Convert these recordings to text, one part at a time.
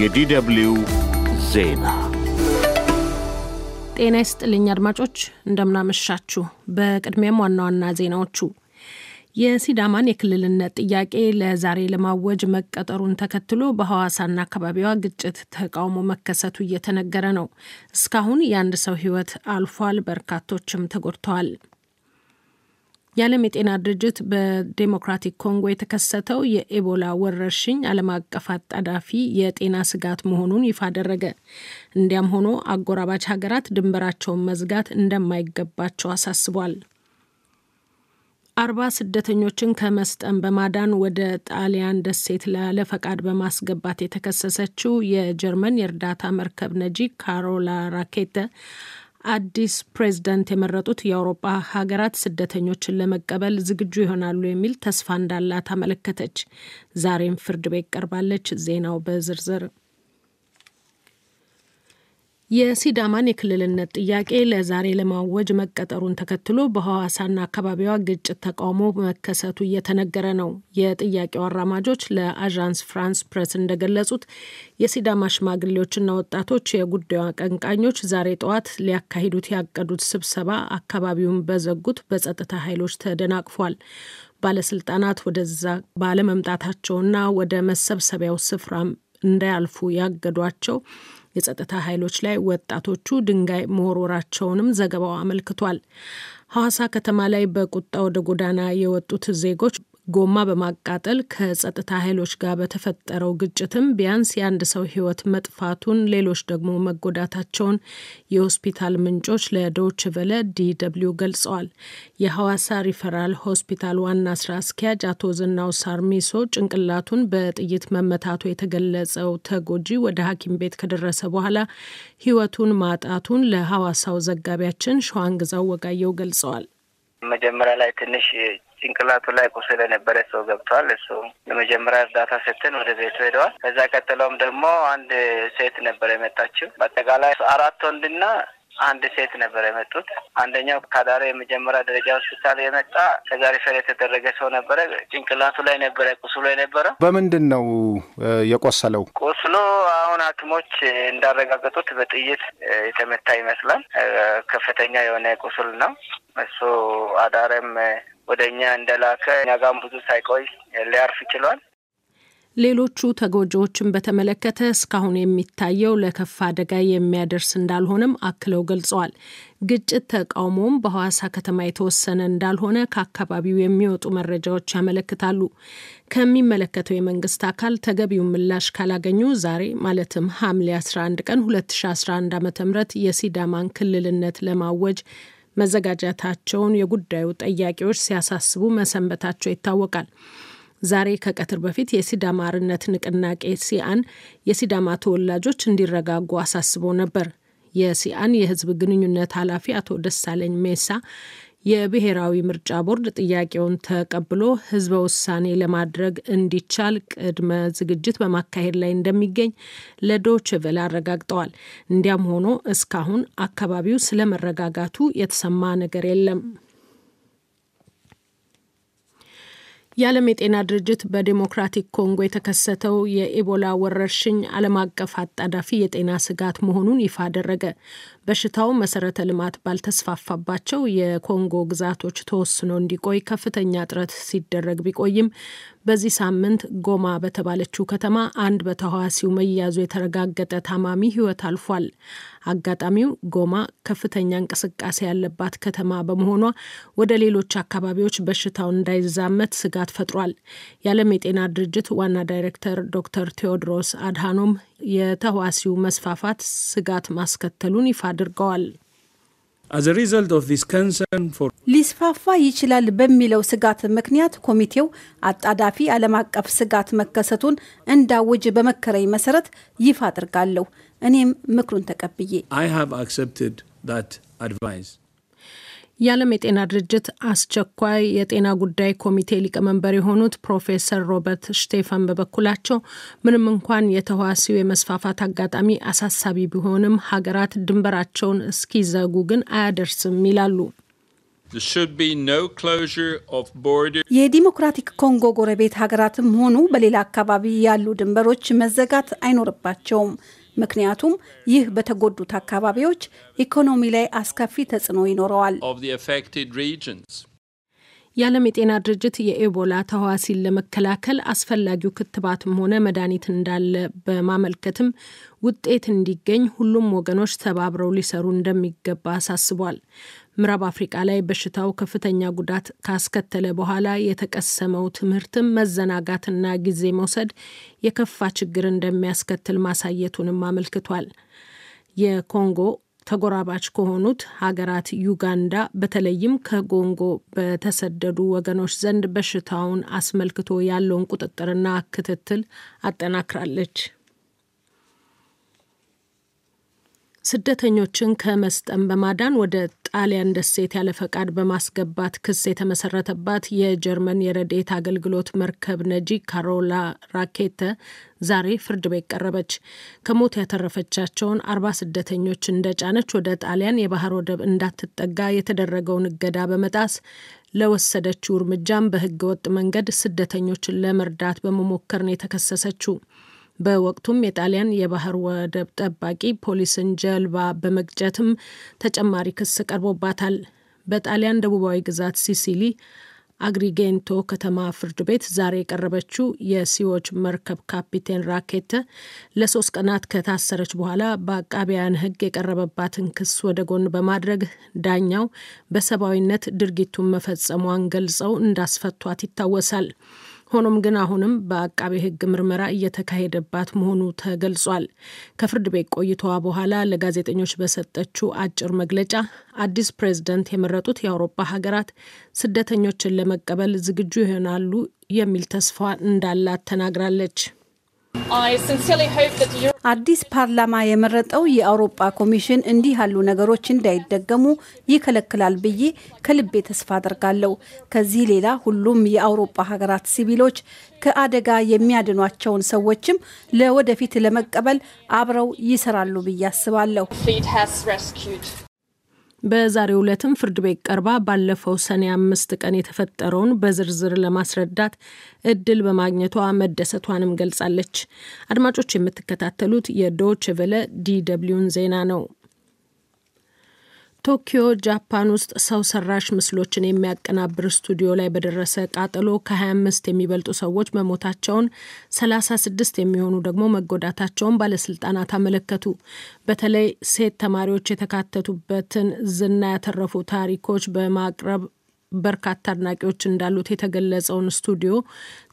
የዲደብልዩ ዜና ጤና ይስጥልኝ አድማጮች፣ እንደምናመሻችሁ። በቅድሚያም ዋና ዋና ዜናዎቹ የሲዳማን የክልልነት ጥያቄ ለዛሬ ለማወጅ መቀጠሩን ተከትሎ በሐዋሳና አካባቢዋ ግጭት፣ ተቃውሞ መከሰቱ እየተነገረ ነው። እስካሁን የአንድ ሰው ሕይወት አልፏል፣ በርካቶችም ተጎድተዋል። የዓለም የጤና ድርጅት በዴሞክራቲክ ኮንጎ የተከሰተው የኤቦላ ወረርሽኝ ዓለም አቀፍ አጣዳፊ የጤና ስጋት መሆኑን ይፋ አደረገ። እንዲያም ሆኖ አጎራባች ሀገራት ድንበራቸውን መዝጋት እንደማይገባቸው አሳስቧል። አርባ ስደተኞችን ከመስጠም በማዳን ወደ ጣሊያን ደሴት ላለ ፈቃድ በማስገባት የተከሰሰችው የጀርመን የእርዳታ መርከብ ነጂ ካሮላ ራኬተ አዲስ ፕሬዝደንት የመረጡት የአውሮፓ ሀገራት ስደተኞችን ለመቀበል ዝግጁ ይሆናሉ የሚል ተስፋ እንዳላት አመለከተች። ዛሬም ፍርድ ቤት ቀርባለች። ዜናው በዝርዝር የሲዳማን የክልልነት ጥያቄ ለዛሬ ለማወጅ መቀጠሩን ተከትሎ በሐዋሳና አካባቢዋ ግጭት ተቃውሞ መከሰቱ እየተነገረ ነው። የጥያቄው አራማጆች ለአዣንስ ፍራንስ ፕሬስ እንደገለጹት የሲዳማ ሽማግሌዎችና ወጣቶች የጉዳዩ አቀንቃኞች ዛሬ ጠዋት ሊያካሂዱት ያቀዱት ስብሰባ አካባቢውን በዘጉት በጸጥታ ኃይሎች ተደናቅፏል። ባለስልጣናት ወደዛ ባለመምጣታቸውና ወደ መሰብሰቢያው ስፍራ እንዳያልፉ ያገዷቸው የጸጥታ ኃይሎች ላይ ወጣቶቹ ድንጋይ መወርወራቸውንም ዘገባው አመልክቷል። ሐዋሳ ከተማ ላይ በቁጣ ወደ ጎዳና የወጡት ዜጎች ጎማ በማቃጠል ከጸጥታ ኃይሎች ጋር በተፈጠረው ግጭትም ቢያንስ የአንድ ሰው ሕይወት መጥፋቱን ሌሎች ደግሞ መጎዳታቸውን የሆስፒታል ምንጮች ለዶች ቨለ ዲደብሊው ገልጸዋል። የሐዋሳ ሪፈራል ሆስፒታል ዋና ስራ አስኪያጅ አቶ ዝናው ሳርሚሶ ጭንቅላቱን በጥይት መመታቱ የተገለጸው ተጎጂ ወደ ሐኪም ቤት ከደረሰ በኋላ ሕይወቱን ማጣቱን ለሐዋሳው ዘጋቢያችን ሸዋንግዛው ወጋየው ገልጸዋል። መጀመሪያ ላይ ትንሽ ጭንቅላቱ ላይ ቁስል የነበረ ሰው ገብቷል። እሱ የመጀመሪያ እርዳታ ሰጥተን ወደ ቤቱ ሄደዋል። ከዛ ቀጥለውም ደግሞ አንድ ሴት ነበር የመጣችው። በአጠቃላይ አራት ወንድና አንድ ሴት ነበር የመጡት። አንደኛው ከዳሮ የመጀመሪያ ደረጃ ሆስፒታል የመጣ ከዛ ሪፈር የተደረገ ሰው ነበረ። ጭንቅላቱ ላይ ነበረ ቁስሉ የነበረ። በምንድን ነው የቆሰለው? ቁስሉ አሁን ሐኪሞች እንዳረጋገጡት በጥይት የተመታ ይመስላል። ከፍተኛ የሆነ ቁስል ነው እሱ አዳረም ወደ እኛ እንደላከ እኛ ጋም ብዙ ሳይቆይ ሊያርፍ ይችሏል። ሌሎቹ ተጎጂዎችን በተመለከተ እስካሁን የሚታየው ለከፍ አደጋ የሚያደርስ እንዳልሆነም አክለው ገልጸዋል። ግጭት ተቃውሞም በሐዋሳ ከተማ የተወሰነ እንዳልሆነ ከአካባቢው የሚወጡ መረጃዎች ያመለክታሉ። ከሚመለከተው የመንግስት አካል ተገቢውን ምላሽ ካላገኙ ዛሬ ማለትም ሐምሌ 11 ቀን 2011 ዓ ም የሲዳማን ክልልነት ለማወጅ መዘጋጃታቸውን የጉዳዩ ጠያቂዎች ሲያሳስቡ መሰንበታቸው ይታወቃል። ዛሬ ከቀትር በፊት የሲዳማ አርነት ንቅናቄ ሲአን የሲዳማ ተወላጆች እንዲረጋጉ አሳስቦ ነበር። የሲአን የህዝብ ግንኙነት ኃላፊ አቶ ደሳለኝ ሜሳ የብሔራዊ ምርጫ ቦርድ ጥያቄውን ተቀብሎ ህዝበ ውሳኔ ለማድረግ እንዲቻል ቅድመ ዝግጅት በማካሄድ ላይ እንደሚገኝ ለዶይቼ አረጋግጠዋል። እንዲያም ሆኖ እስካሁን አካባቢው ስለ መረጋጋቱ የተሰማ ነገር የለም። የዓለም የጤና ድርጅት በዴሞክራቲክ ኮንጎ የተከሰተው የኢቦላ ወረርሽኝ ዓለም አቀፍ አጣዳፊ የጤና ስጋት መሆኑን ይፋ አደረገ። በሽታው መሰረተ ልማት ባልተስፋፋባቸው የኮንጎ ግዛቶች ተወስኖ እንዲቆይ ከፍተኛ ጥረት ሲደረግ ቢቆይም በዚህ ሳምንት ጎማ በተባለችው ከተማ አንድ በተህዋሲው መያዙ የተረጋገጠ ታማሚ ሕይወት አልፏል። አጋጣሚው ጎማ ከፍተኛ እንቅስቃሴ ያለባት ከተማ በመሆኗ ወደ ሌሎች አካባቢዎች በሽታው እንዳይዛመት ስጋት ፈጥሯል። የዓለም የጤና ድርጅት ዋና ዳይሬክተር ዶክተር ቴዎድሮስ አድሃኖም የተህዋሲው መስፋፋት ስጋት ማስከተሉን ይፋ አድርገዋል። ሊስፋፋ ይችላል በሚለው ስጋት ምክንያት ኮሚቴው አጣዳፊ ዓለም አቀፍ ስጋት መከሰቱን እንዳውጅ በመከረኝ መሰረት ይፋ አድርጋለሁ። እኔም ምክሩን ተቀብዬ የዓለም የጤና ድርጅት አስቸኳይ የጤና ጉዳይ ኮሚቴ ሊቀመንበር የሆኑት ፕሮፌሰር ሮበርት ሽቴፋን በበኩላቸው ምንም እንኳን የተዋሲው የመስፋፋት አጋጣሚ አሳሳቢ ቢሆንም ሀገራት ድንበራቸውን እስኪዘጉ ግን አያደርስም ይላሉ። የዲሞክራቲክ ኮንጎ ጎረቤት ሀገራትም ሆኑ በሌላ አካባቢ ያሉ ድንበሮች መዘጋት አይኖርባቸውም። ምክንያቱም ይህ በተጎዱት አካባቢዎች ኢኮኖሚ ላይ አስከፊ ተጽዕኖ ይኖረዋል። የዓለም የጤና ድርጅት የኤቦላ ተህዋሲን ለመከላከል አስፈላጊው ክትባትም ሆነ መድኃኒት እንዳለ በማመልከትም ውጤት እንዲገኝ ሁሉም ወገኖች ተባብረው ሊሰሩ እንደሚገባ አሳስቧል። ምዕራብ አፍሪቃ ላይ በሽታው ከፍተኛ ጉዳት ካስከተለ በኋላ የተቀሰመው ትምህርትም መዘናጋትና ጊዜ መውሰድ የከፋ ችግር እንደሚያስከትል ማሳየቱንም አመልክቷል። የኮንጎ ተጎራባች ከሆኑት ሀገራት ዩጋንዳ በተለይም ከጎንጎ በተሰደዱ ወገኖች ዘንድ በሽታውን አስመልክቶ ያለውን ቁጥጥርና ክትትል አጠናክራለች። ስደተኞችን ከመስጠም በማዳን ወደ ጣሊያን ደሴት ያለ ፈቃድ በማስገባት ክስ የተመሰረተባት የጀርመን የረድኤት አገልግሎት መርከብ ነጂ ካሮላ ራኬተ ዛሬ ፍርድ ቤት ቀረበች። ከሞት ያተረፈቻቸውን አርባ ስደተኞች እንደጫነች ወደ ጣሊያን የባህር ወደብ እንዳትጠጋ የተደረገውን እገዳ በመጣስ ለወሰደችው እርምጃም በህገወጥ ወጥ መንገድ ስደተኞችን ለመርዳት በመሞከር ነው የተከሰሰችው። በወቅቱም የጣሊያን የባህር ወደብ ጠባቂ ፖሊስን ጀልባ በመግጨትም ተጨማሪ ክስ ቀርቦባታል። በጣሊያን ደቡባዊ ግዛት ሲሲሊ አግሪጌንቶ ከተማ ፍርድ ቤት ዛሬ የቀረበችው የሲዎች መርከብ ካፒቴን ራኬተ ለሶስት ቀናት ከታሰረች በኋላ በአቃቢያን ሕግ የቀረበባትን ክስ ወደ ጎን በማድረግ ዳኛው በሰብአዊነት ድርጊቱን መፈጸሟን ገልጸው እንዳስፈቷት ይታወሳል። ሆኖም ግን አሁንም በአቃቤ ሕግ ምርመራ እየተካሄደባት መሆኑ ተገልጿል። ከፍርድ ቤት ቆይታዋ በኋላ ለጋዜጠኞች በሰጠችው አጭር መግለጫ አዲስ ፕሬዝደንት የመረጡት የአውሮፓ ሀገራት ስደተኞችን ለመቀበል ዝግጁ ይሆናሉ የሚል ተስፋ እንዳላት ተናግራለች። አዲስ ፓርላማ የመረጠው የአውሮፓ ኮሚሽን እንዲህ ያሉ ነገሮች እንዳይደገሙ ይከለክላል ብዬ ከልቤ ተስፋ አድርጋለሁ። ከዚህ ሌላ ሁሉም የአውሮፓ ሀገራት ሲቪሎች ከአደጋ የሚያድኗቸውን ሰዎችም ለወደፊት ለመቀበል አብረው ይሰራሉ ብዬ አስባለሁ። በዛሬው ዕለትም ፍርድ ቤት ቀርባ ባለፈው ሰኔ አምስት ቀን የተፈጠረውን በዝርዝር ለማስረዳት እድል በማግኘቷ መደሰቷንም ገልጻለች። አድማጮች የምትከታተሉት የዶች ቨለ ዲደብሊውን ዜና ነው። ቶኪዮ ጃፓን ውስጥ ሰው ሰራሽ ምስሎችን የሚያቀናብር ስቱዲዮ ላይ በደረሰ ቃጠሎ ከ25 የሚበልጡ ሰዎች መሞታቸውን 36 የሚሆኑ ደግሞ መጎዳታቸውን ባለስልጣናት አመለከቱ። በተለይ ሴት ተማሪዎች የተካተቱበትን ዝና ያተረፉ ታሪኮች በማቅረብ በርካታ አድናቂዎች እንዳሉት የተገለጸውን ስቱዲዮ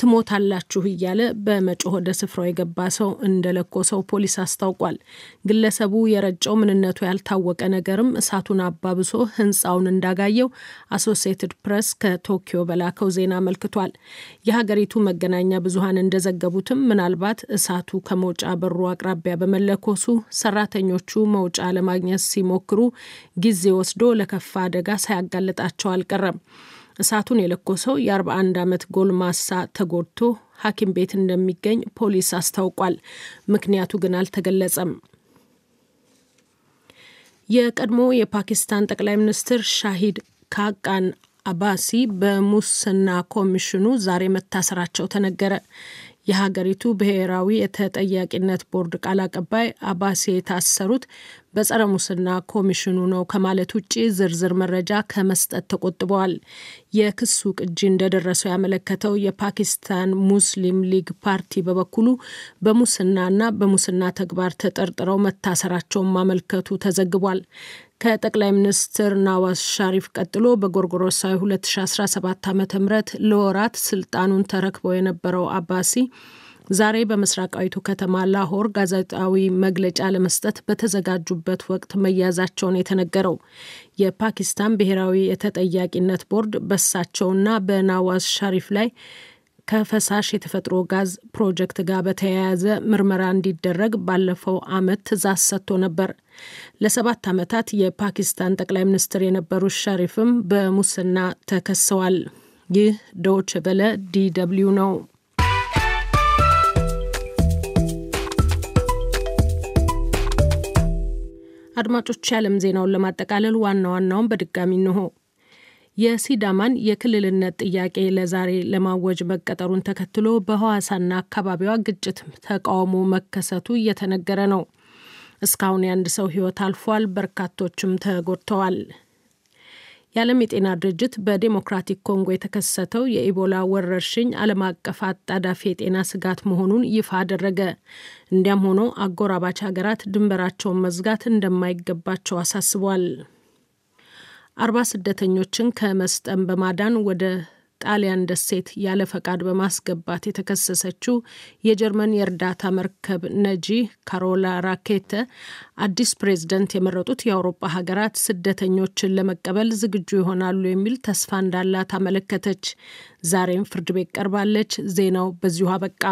ትሞታላችሁ እያለ በመጮህ ወደ ስፍራው የገባ ሰው እንደለኮሰው ፖሊስ አስታውቋል። ግለሰቡ የረጨው ምንነቱ ያልታወቀ ነገርም እሳቱን አባብሶ ሕንፃውን እንዳጋየው አሶሲየትድ ፕሬስ ከቶኪዮ በላከው ዜና አመልክቷል። የሀገሪቱ መገናኛ ብዙሃን እንደዘገቡትም ምናልባት እሳቱ ከመውጫ በሩ አቅራቢያ በመለኮሱ ሰራተኞቹ መውጫ ለማግኘት ሲሞክሩ ጊዜ ወስዶ ለከፋ አደጋ ሳያጋልጣቸው አልቀረም። እሳቱን የለኮሰው የ41 ዓመት ጎልማሳ ተጎድቶ ሐኪም ቤት እንደሚገኝ ፖሊስ አስታውቋል። ምክንያቱ ግን አልተገለጸም። የቀድሞ የፓኪስታን ጠቅላይ ሚኒስትር ሻሂድ ካቃን አባሲ በሙስና ኮሚሽኑ ዛሬ መታሰራቸው ተነገረ። የሀገሪቱ ብሔራዊ የተጠያቂነት ቦርድ ቃል አቀባይ አባሲ የታሰሩት በጸረ ሙስና ኮሚሽኑ ነው ከማለት ውጭ ዝርዝር መረጃ ከመስጠት ተቆጥበዋል። የክሱ ቅጂ እንደደረሰው ያመለከተው የፓኪስታን ሙስሊም ሊግ ፓርቲ በበኩሉ በሙስናና በሙስና ተግባር ተጠርጥረው መታሰራቸውን ማመልከቱ ተዘግቧል። ከጠቅላይ ሚኒስትር ናዋዝ ሻሪፍ ቀጥሎ በጎርጎሮሳዊ 2017 ዓ ም ለወራት ስልጣኑን ተረክበው የነበረው አባሲ ዛሬ በምስራቃዊቱ ከተማ ላሆር ጋዜጣዊ መግለጫ ለመስጠት በተዘጋጁበት ወቅት መያዛቸውን የተነገረው የፓኪስታን ብሔራዊ የተጠያቂነት ቦርድ በሳቸውና በናዋዝ ሻሪፍ ላይ ከፈሳሽ የተፈጥሮ ጋዝ ፕሮጀክት ጋር በተያያዘ ምርመራ እንዲደረግ ባለፈው ዓመት ትዕዛዝ ሰጥቶ ነበር። ለሰባት ዓመታት የፓኪስታን ጠቅላይ ሚኒስትር የነበሩት ሸሪፍም በሙስና ተከሰዋል። ይህ ዶች በለ ዲ ደብልዩ ነው። አድማጮች የዓለም ዜናውን ለማጠቃለል ዋና ዋናውን በድጋሚ እንሆ። የሲዳማን የክልልነት ጥያቄ ለዛሬ ለማወጅ መቀጠሩን ተከትሎ በሐዋሳና አካባቢዋ ግጭት ተቃውሞ መከሰቱ እየተነገረ ነው። እስካሁን የአንድ ሰው ሕይወት አልፏል፣ በርካቶችም ተጎድተዋል። የዓለም የጤና ድርጅት በዴሞክራቲክ ኮንጎ የተከሰተው የኢቦላ ወረርሽኝ ዓለም አቀፍ አጣዳፊ የጤና ስጋት መሆኑን ይፋ አደረገ። እንዲያም ሆኖ አጎራባች ሀገራት ድንበራቸውን መዝጋት እንደማይገባቸው አሳስቧል። አርባ ስደተኞችን ከመስጠም በማዳን ወደ ጣሊያን ደሴት ያለ ፈቃድ በማስገባት የተከሰሰችው የጀርመን የእርዳታ መርከብ ነጂ ካሮላ ራኬተ አዲስ ፕሬዝደንት የመረጡት የአውሮፓ ሀገራት ስደተኞችን ለመቀበል ዝግጁ ይሆናሉ የሚል ተስፋ እንዳላት አመለከተች። ዛሬም ፍርድ ቤት ቀርባለች። ዜናው በዚሁ አበቃ።